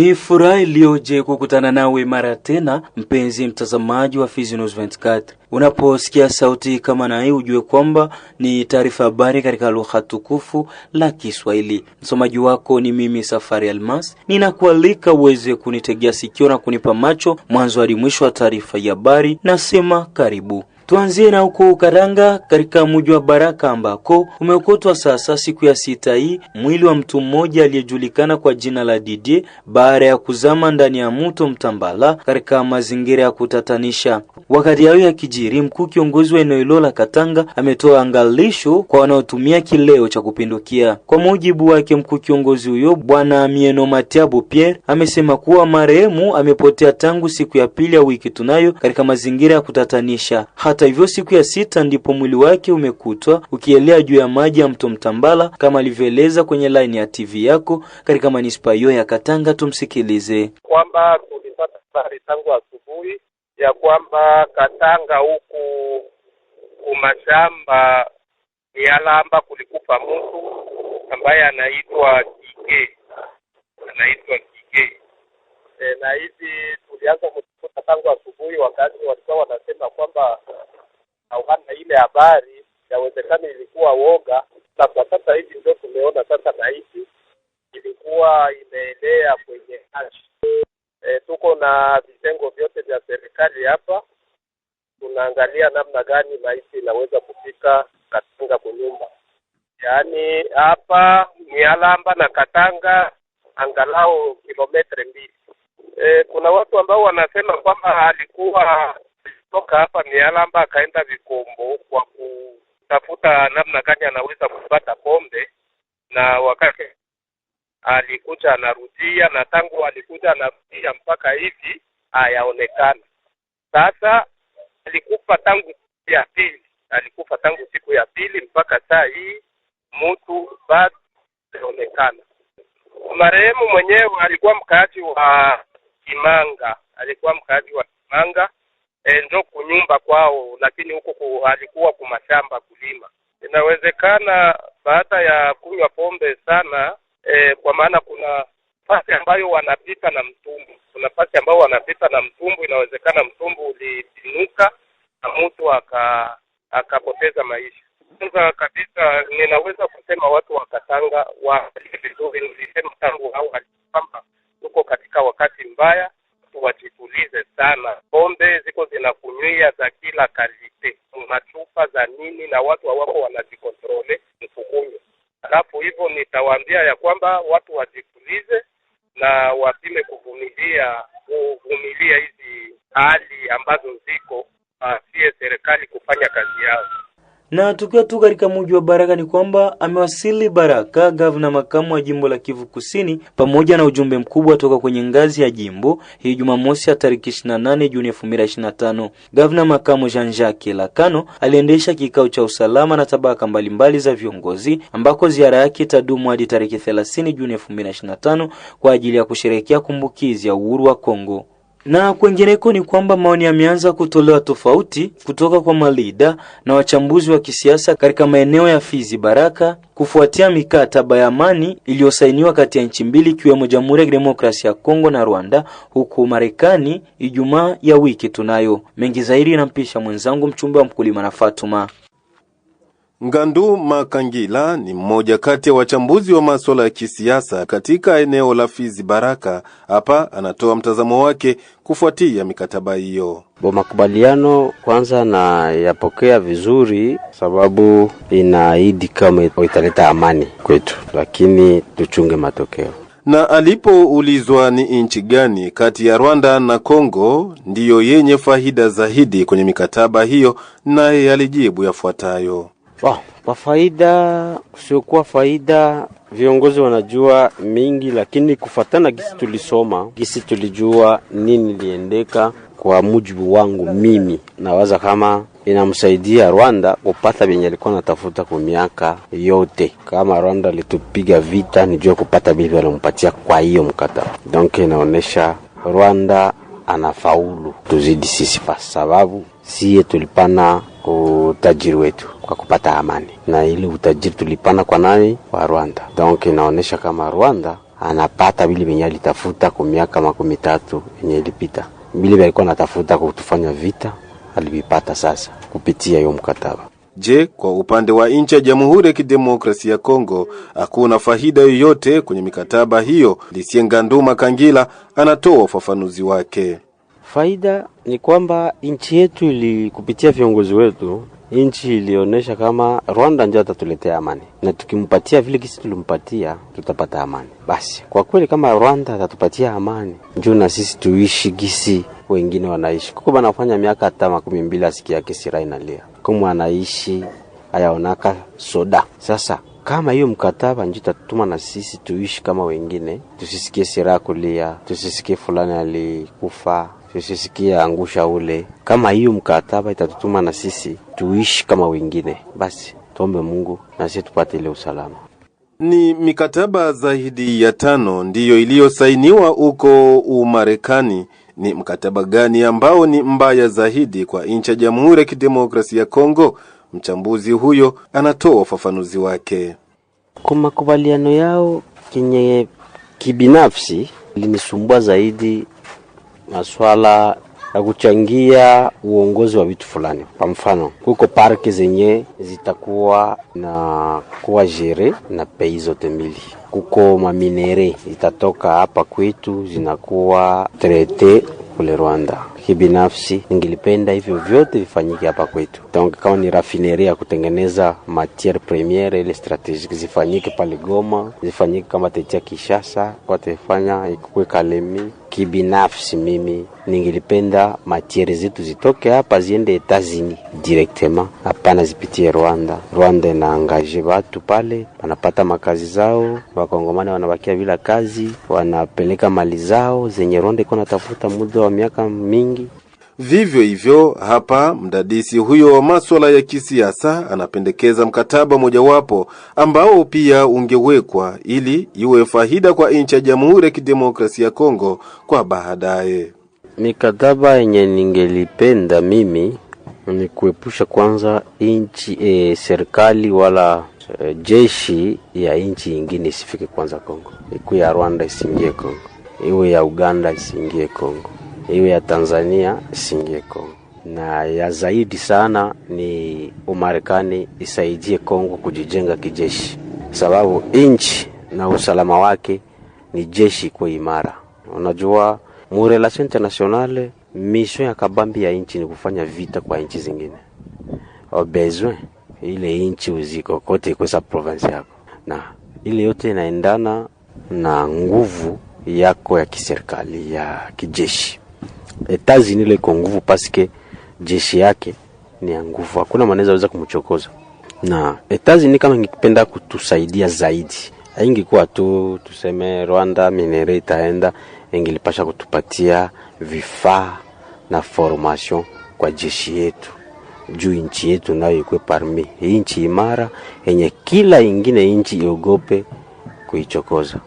Ni furaha iliyoje kukutana nawe mara tena, mpenzi mtazamaji wa Fizi News 24. Unaposikia sauti kama na hii, ujue kwamba ni taarifa habari katika lugha tukufu la Kiswahili. Msomaji wako ni mimi Safari Almas, ninakualika uweze kunitegea sikio na kunipa macho mwanzo hadi mwisho wa taarifa ya habari. Nasema karibu. Tuanzie na huko Karanga katika mji wa Baraka ambako umeokotwa sasa siku ya sita hii mwili wa mtu mmoja aliyejulikana kwa jina la Didier baada ya kuzama ndani ya mto Mtambala katika mazingira ya kutatanisha. Wakati hayo ya kijiri, mkuu kiongozi wa eneo hilo la Katanga ametoa angalisho kwa wanaotumia kileo cha kupindukia. Kwa mujibu wake, mkuu kiongozi huyo bwana Mieno Matiabu Pierre amesema kuwa marehemu amepotea tangu siku ya pili ya wiki tunayo katika mazingira ya kutatanisha Hata hata hivyo, siku ya sita ndipo mwili wake umekutwa ukielea juu ya maji ya mto Mtambala kama alivyoeleza kwenye laini ya TV yako katika manispaa hiyo ya Katanga. Tumsikilize. kwamba tulipata habari tangu asubuhi ya kwamba Katanga huku kumashamba Mialamba kulikufa mtu ambaye anaitwa Kike, anaitwa Kike e, eh, na hivi tulianza kuta tangu asubuhi, wakati walikuwa wanasema kwamba hawana ile habari, yawezekana ilikuwa woga, na kwa sasa hivi ndio tumeona sasa maiti ilikuwa imeelea kwenye hashi. E, eh, tuko na vitengo vyote vya serikali hapa, tunaangalia namna gani maiti inaweza kufika Katanga kunyumba, yaani hapa Mialamba na Katanga angalau kilometre mbili eh, kuna watu ambao wanasema kwamba alikuwa toka hapa Mialamba akaenda Vikombo kwa kutafuta namna gani anaweza kupata pombe, na wakati alikuja anarudia, na tangu alikuja anarudia mpaka hivi hayaonekana. Sasa alikufa tangu siku ya pili, alikufa tangu siku ya pili mpaka saa hii mtu bado haonekana. Marehemu mwenyewe alikuwa mkaaji wa Kimanga, alikuwa mkaaji wa Kimanga e, njo kunyumba kwao, lakini huko ku, alikuwa kumashamba kulima. Inawezekana baada ya kunywa pombe sana e, kwa maana kuna fasi ambayo wanapita na mtumbu, kuna fasi ambayo wanapita na mtumbu. Inawezekana mtumbu ulipinuka na mtu aka akapoteza maisha. Kwanza kabisa, ninaweza kusema watu wa Katanga waangalie vizuri, nilisema tangu au kwamba tuko katika wakati mbaya, wajitulize sana. Pombe ziko zinakunywia za kila kalite, machupa za nini, na watu hawako wanajikontrole msukunywe. Alafu hivyo nitawaambia ya kwamba watu Na tukiwa tu katika muji wa Baraka ni kwamba amewasili Baraka gavana makamu wa jimbo la Kivu Kusini pamoja na ujumbe mkubwa toka kwenye ngazi ya jimbo hii Jumamosi ya tariki 28 Juni 2025. Gavana makamu Jean-Jacques Lakano aliendesha kikao cha usalama na tabaka mbalimbali za viongozi ambako ziara yake itadumu hadi tarehe 30 Juni 2025 kwa ajili ya kusherehekea kumbukizi ya uhuru wa Kongo. Na kwengineko ni kwamba maoni yameanza kutolewa tofauti kutoka kwa malida na wachambuzi wa kisiasa katika maeneo ya Fizi Baraka kufuatia mikataba ya amani iliyosainiwa kati ya nchi mbili ikiwemo Jamhuri ya Demokrasia ya Kongo na Rwanda huku Marekani Ijumaa ya wiki tunayo. Mengi zaidi inampisha mwenzangu mchumbe wa mkulima na Fatuma. Ngandu Makangila ni mmoja kati ya wachambuzi wa masuala ya kisiasa katika eneo la Fizi Baraka. Hapa anatoa mtazamo wake kufuatia mikataba hiyo. Bo, makubaliano kwanza nayapokea vizuri, sababu inaahidi kama italeta amani kwetu, lakini tuchunge matokeo na alipoulizwa ni nchi gani kati ya Rwanda na Kongo ndiyo yenye faida zaidi kwenye mikataba hiyo, naye alijibu yafuatayo: Wow, ah, kwa faida kusiokuwa faida, viongozi wanajua mingi, lakini kufatana gisi tulisoma gisi tulijua nini liendeka, kwa mujibu wangu mimi nawaza kama inamsaidia Rwanda kupata vyenye alikuwa natafuta kwa miaka yote. Kama Rwanda litupiga vita, nijue kupata bibi walimpatia kwa hiyo mkataba, donc inaonesha Rwanda anafaulu tuzidi sisi, kwa sababu siye tulipana utajiri wetu kwa kupata amani, na ili utajiri tulipana kwa nani? Kwa Rwanda. Donc inaonyesha kama Rwanda anapata vile venye alitafuta kwa miaka makumi tatu yenye ilipita, vile valikuwa anatafuta kutufanya vita alivipata sasa kupitia hiyo mkataba. Je, kwa upande wa nchi ya Jamhuri ya Kidemokrasia ya Kongo hakuna faida yoyote kwenye mikataba hiyo? lisiengandu Kangila anatoa ufafanuzi wake. Faida ni kwamba nchi yetu ili kupitia viongozi wetu nchi ilionyesha kama Rwanda ndio atatuletea amani, na tukimpatia vile kisi tulimpatia tutapata amani. Basi kwa kweli, kama Rwanda atatupatia amani, njoo na sisi tuishi gisi wengine wanaishi. Kuko banafanya miaka hata makumi mbili asiki kesi raina lia kumu anaishi ayaonaka soda. Sasa kama hiyo mkataba ndio tatuma na sisi tuishi kama wengine, tusisikie siraha kulia, tusisikie fulani alikufa tusisikia angusha ule. Kama hiyo mkataba itatutuma na sisi tuishi kama wengine, basi tuombe Mungu na sisi tupate ile usalama. Ni mikataba zaidi ya tano ndiyo iliyosainiwa huko Umarekani. Ni mkataba gani ambao ni mbaya zaidi kwa nchi ya Jamhuri ya Kidemokrasia ya Kongo? Mchambuzi huyo anatoa ufafanuzi wake. Kwa makubaliano yao kenye kibinafsi linisumbua zaidi maswala ya kuchangia uongozi wa vitu fulani. Kwa mfano, kuko parki zenye zitakuwa na kuwa jere na pei zote mbili kuko maminere zitatoka hapa kwetu zinakuwa trete kule Rwanda. Kibinafsi ningilipenda hivyo vyote vifanyike hapa kwetu. Donc kama ni rafineri ya kutengeneza matiere premiere ile strategique zifanyike pale Goma, zifanyike kama tetia Kishasa, watefanya tefanya ikukwe Kalemi Kibinafsi mimi ningilipenda matiere zetu zitoke hapa ziende Etazini directement, hapana zipitie Rwanda. Rwanda inaangaje watu pale, wanapata makazi zao, wakongomani wanabakia bila kazi, wanapeleka mali zao zenye Rwanda iko natafuta muda wa miaka mingi. Vivyo hivyo hapa, mdadisi huyo wa maswala ya kisiasa anapendekeza mkataba mojawapo ambao pia ungewekwa ili iwe faida kwa nchi ya Jamhuri ya Kidemokrasia ya Kongo kwa baadaye. Mikataba yenye ningelipenda mimi ni kuepusha kwanza nchi e, serikali wala e, jeshi ya nchi nyingine isifike kwanza Kongo, iku ya Rwanda isiingie Kongo, iwe ya Uganda isiingie Kongo hiyo ya Tanzania isingeko na ya zaidi sana ni Umarekani isaidie Kongo kujijenga kijeshi, sababu inchi na usalama wake ni jeshi kwa imara. Unajua, mu relation internationale mission ya kabambi ya inchi ni kufanya vita kwa inchi zingine, au besoin ile inchi uziko kote kwesa province yako, na ile yote inaendana na nguvu yako ya kiserikali ya kijeshi. Etats-Unis liko nguvu paske jeshi yake ni ya nguvu, hakuna mwanaweza weza kumchokoza. Na Etats-Unis kama ingependa kutusaidia zaidi, haingekuwa tu tuseme Rwanda minere itaenda, ingilipasha kutupatia vifaa na formation kwa jeshi yetu juu nchi yetu nayo ikwe parmi nchi imara yenye kila ingine nchi iogope kuichokoza.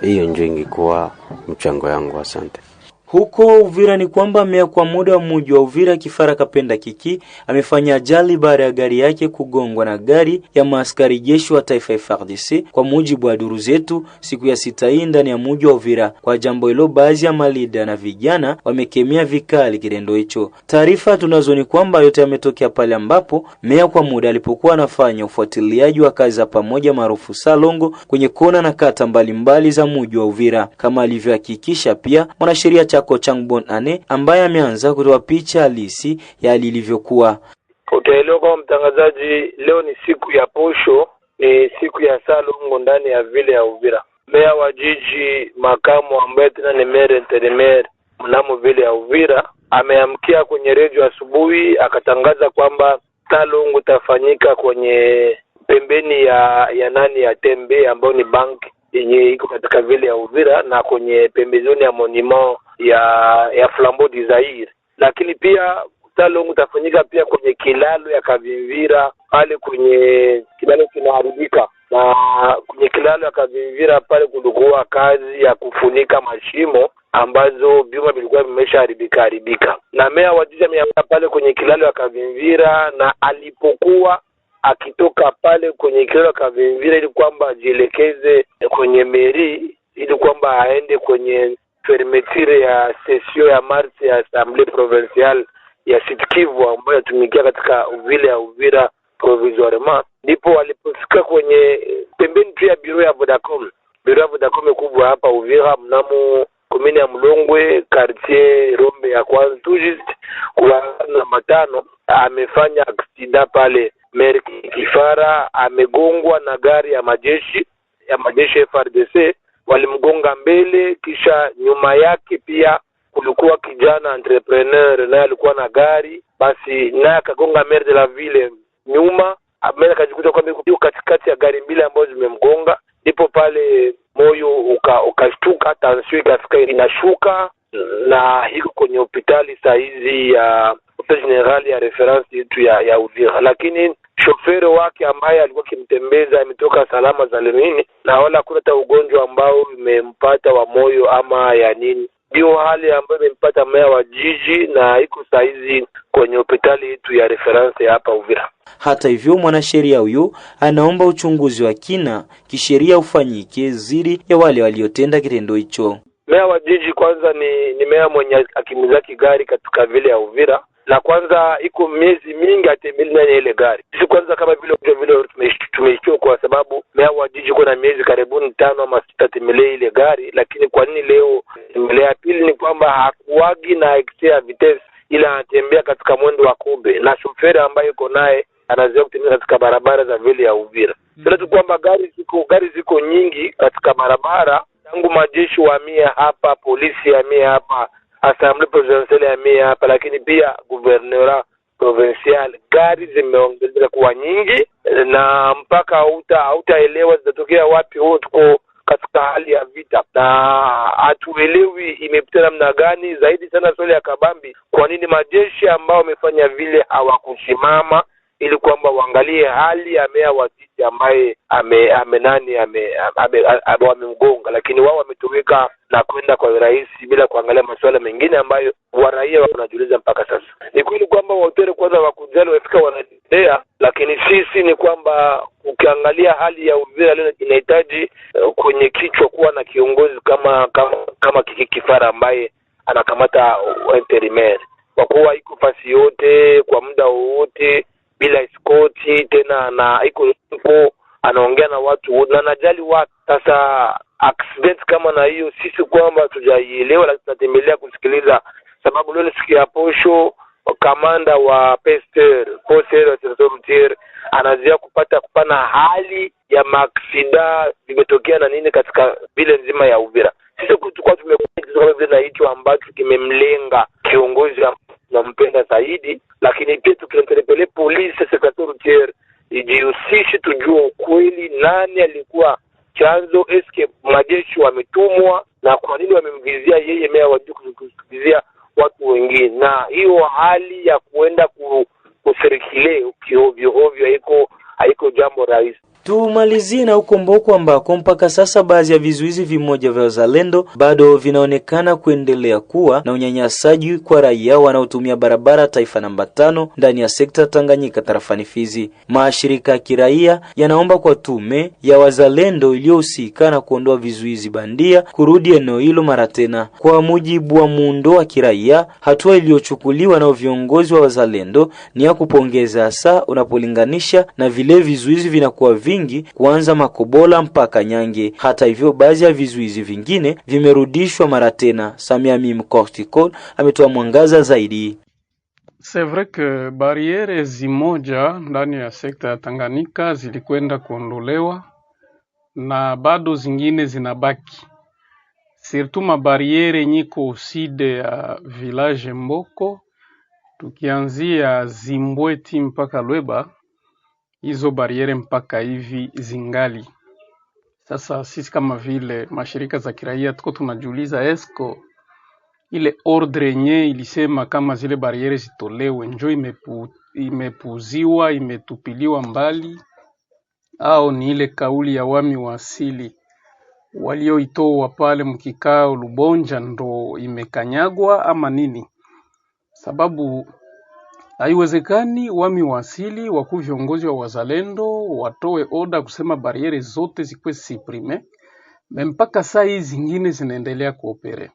Hiyo ndio ingekuwa mchango yangu. Asante. Huko Uvira ni kwamba meya kwa muda wa muji wa Uvira Kifara Kapenda Kiki amefanya ajali baada ya gari yake kugongwa na gari ya maaskari jeshi wa taifa FARDC, kwa mujibu wa duru zetu, siku ya sita hii ndani ya muji wa Uvira. Kwa jambo hilo, baadhi ya malida na vijana wamekemea vikali kitendo hicho. Taarifa tunazo ni kwamba yote yametokea pale ambapo meya kwa muda alipokuwa anafanya ufuatiliaji wa kazi za pamoja maarufu salongo kwenye kona na kata mbalimbali mbali za muji wa Uvira, kama alivyohakikisha pia mwanasheria cha Ko Changbon Ane ambaye ameanza kutoa picha halisi ya lilivyokuwa. Utaelewa kwamba mtangazaji, leo ni siku ya posho, ni siku ya salongo ndani ya vile ya Uvira. Meya wa jiji makamu ambaye tena ni mere intérimaire mnamo vile ya Uvira ameamkia kwenye redio asubuhi akatangaza kwamba salongo tafanyika kwenye pembeni ya ya nani ya tembe ambayo ni bank yenye iko katika vile ya Uvira na kwenye pembezoni ya monument ya ya Flambo du Zaire, lakini pia mkutano utafanyika pia kwenye kilalo ya Kavimvira pale kwenye kilalo kinaharibika na kwenye kilalo ya Kavimvira pale kulikuwa kazi ya kufunika mashimo ambazo vyuma vilikuwa vimeshaharibika haribika, na meya wa jiji pale kwenye kilalo ya Kavimvira, na alipokuwa akitoka pale kwenye kilalo ya Kavimvira ili kwamba ajielekeze kwenye meri ili kwamba aende kwenye fermeture ya sesio ya marti ya assemblee provincial ya Sud-Kivu ambayo yatumikia katika vile ya Uvira provisoirement, ndipo walipofika kwenye pembeni tu ya biro ya Vodacom, biro ya Vodacom kubwa hapa Uvira mnamo komini ya Mlongwe quartier Rombe ya kwanza tu just kuanzana matano, amefanya aksida pale Merki Kifara, amegongwa na gari ya majeshi ya majeshi FRDC walimgonga mbele, kisha nyuma yake pia kulikuwa kijana entrepreneur, naye alikuwa na gari, basi naye akagonga maire de la ville nyuma. Maire akajikuta kwamba yuko katikati ya gari mbili ambazo zimemgonga, ndipo pale moyo ukashtuka, uka tansio ikafika inashuka, na hiko kwenye hospitali saa hizi ya jenerali ya referensi yetu ya, ya Uvira, lakini shoferi wake ambaye alikuwa akimtembeza ametoka salama salimini na wala hakuna hata ugonjwa ambao imempata wa moyo ama ya nini. Ndio hali ambayo imempata meya wa jiji na iko sahizi kwenye hospitali yetu ya referensi ya hapa Uvira. Hata hivyo, mwanasheria huyu anaomba uchunguzi wa kina kisheria ufanyike dhidi ya wale waliotenda kitendo hicho. Meya wa jiji kwanza ni, ni meya mwenye akimiliki gari katika vile ya Uvira na kwanza iko miezi mingi atemili nani ile gari. Sisi kwanza kama vile vile tumeichua kwa sababu mea wa jiji miezi karibuni tano ama sita atembelee ile gari, lakini kwa nini leo ya Pili ni kwamba hakuwagi na excess ya vitesi, ila anatembea katika mwendo wa kube na shoferi ambaye iko naye anazoea kutembea katika barabara za vile ya Uvira. Hmm. Sasa tu kwamba gari ziko gari ziko nyingi katika barabara, tangu majeshi wamie hapa, polisi amie hapa Assemble Presidential ya mia hapa, lakini pia guvernora provincial. Gari zimeongezeka kuwa nyingi na mpaka hautaelewa zitatokea wapi. Huo tuko katika hali ya vita na hatuelewi imepita namna gani. Zaidi sana swali ya kabambi, kwa nini majeshi ambao wamefanya vile hawakusimama ili kwamba waangalie hali ya mea wa jiji ambaye ame, ame, ame, ame, ame, ame, wamemgonga, lakini wao wametoweka na kwenda kwa urahisi bila kuangalia masuala mengine ambayo waraia wanajiuliza mpaka sasa. Ni kweli kwamba wahoteli kwanza wakujali wafika wanatetea, lakini sisi ni kwamba ukiangalia hali ya Uvira leo inahitaji uh, kwenye kichwa kuwa na kiongozi kama kama, kama Kiki Kifara ambaye anakamata interimer kwa kuwa iko fasi yote kwa muda wowote bila skoti tena, na iko anaongea na watu na najali watu sasa accident kama na hiyo, sisi kwamba tujaielewa lakini tunatembelea kusikiliza, sababu leo nisikia posho kamanda wa Pester Mtier anazia kupata kupana hali ya maksida limetokea na nini katika vile nzima ya Uvira. Sisi tulikuwa tumekuwa vile na hicho ambacho kimemlenga kiongozi mpenda zaidi, lakini pia tukimpelekele polisi Mtier ijihusishe, tujue ukweli, nani alikuwa chanzo eske majeshi wametumwa na kwa nini wamemgizia yeye mea wajuu kuzikizia watu wengine, na hiyo hali ya kuenda ku, kusirikile ovyo haiko haiko jambo rahisi. Tumalizie na ukomboko ambako mpaka sasa baadhi ya vizuizi vimoja vya wazalendo bado vinaonekana kuendelea kuwa na unyanyasaji kwa raia wanaotumia barabara taifa namba tano ndani ya sekta Tanganyika tarafani Fizi. Mashirika ya kiraia yanaomba kwa tume ya wazalendo iliyohusika na kuondoa vizuizi bandia kurudi eneo hilo mara tena. Kwa mujibu wa muundo wa kiraia, hatua iliyochukuliwa na viongozi wa wazalendo ni ya kupongeza, hasa unapolinganisha na vile vizuizi vinakuwa vingi mingi kuanza Makobola mpaka Nyange. Hata hivyo, baadhi ya vizuizi vingine vimerudishwa mara tena. Samia Mim Kortikol ametoa mwangaza zaidi. C'est vrai que bariere zimoja ndani ya sekta ya Tanganyika zilikwenda kuondolewa na bado zingine zinabaki, surtout mabariere nyiko uside ya village Mboko tukianzia Zimbweti mpaka Lweba hizo bariere mpaka hivi zingali. Sasa sisi kama vile mashirika za kiraia tuko tunajiuliza esko ile ordre yenye ilisema kama zile bariere zitolewe njo imepu, imepuziwa imetupiliwa mbali, au ni ile kauli ya wami wa asili walioitoa pale mkikao Lubonja ndo imekanyagwa ama nini? Sababu Haiwezekani wami wa wakuu viongozi wa wazalendo watoe oda kusema bariere zote zikuwe siprime me, mpaka saa hii zingine zinaendelea kuopere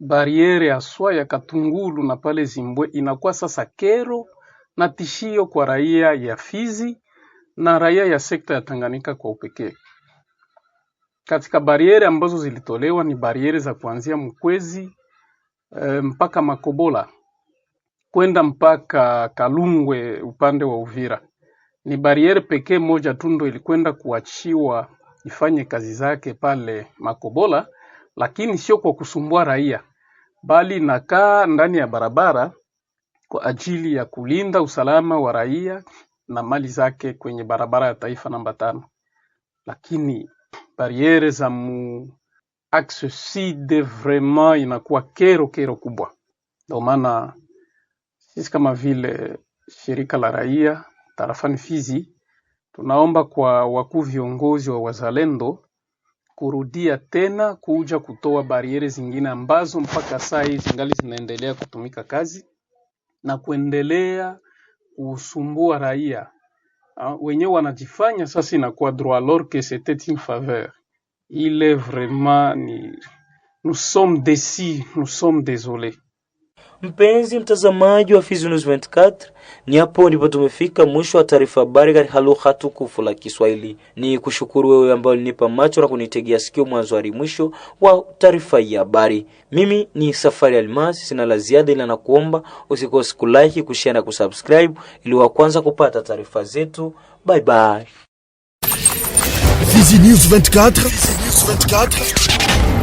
bariere aswa ya Katungulu na pale Zimbwe inakuwa sasa kero na tishio kwa raia ya Fizi na raia ya sekta ya Tanganyika kwa upekee. Katika bariere ambazo zilitolewa ni bariere za kuanzia Mkwezi e, mpaka Makobola kwenda mpaka Kalungwe upande wa Uvira ni bariere pekee moja tu ndo ilikwenda kuachiwa ifanye kazi zake pale Makobola, lakini sio kwa kusumbua raia, bali inakaa ndani ya barabara kwa ajili ya kulinda usalama wa raia na mali zake kwenye barabara ya taifa namba tano. Lakini bariere za mu axe sud vraiment inakuwa kero kero kubwa, ndio maana sisi kama vile shirika la raia tarafani Fizi tunaomba kwa wakuu viongozi wa wazalendo kurudia tena kuja kutoa bariere zingine ambazo mpaka saa hii zingali zinaendelea kutumika kazi na kuendelea kusumbua raia ah, wenyewe wanajifanya sasa inakuwa droit alors que c'était une faveur ile vraiment ni nous sommes déçus nous sommes désolés Mpenzi mtazamaji wa Fizi News 24, ni hapo ndipo tumefika mwisho wa taarifa habari katika lugha tukufu la Kiswahili. Ni kushukuru wewe ambao ulinipa macho na kunitegea sikio mwanzo hadi mwisho wa taarifa hii habari. Mimi ni Safari Almas, sina la ziada, ila na kuomba usikose kulike, kushare na kusubscribe ili wa kwanza kupata taarifa zetu. Bye bye. Fizi News 24. Fizi News 24.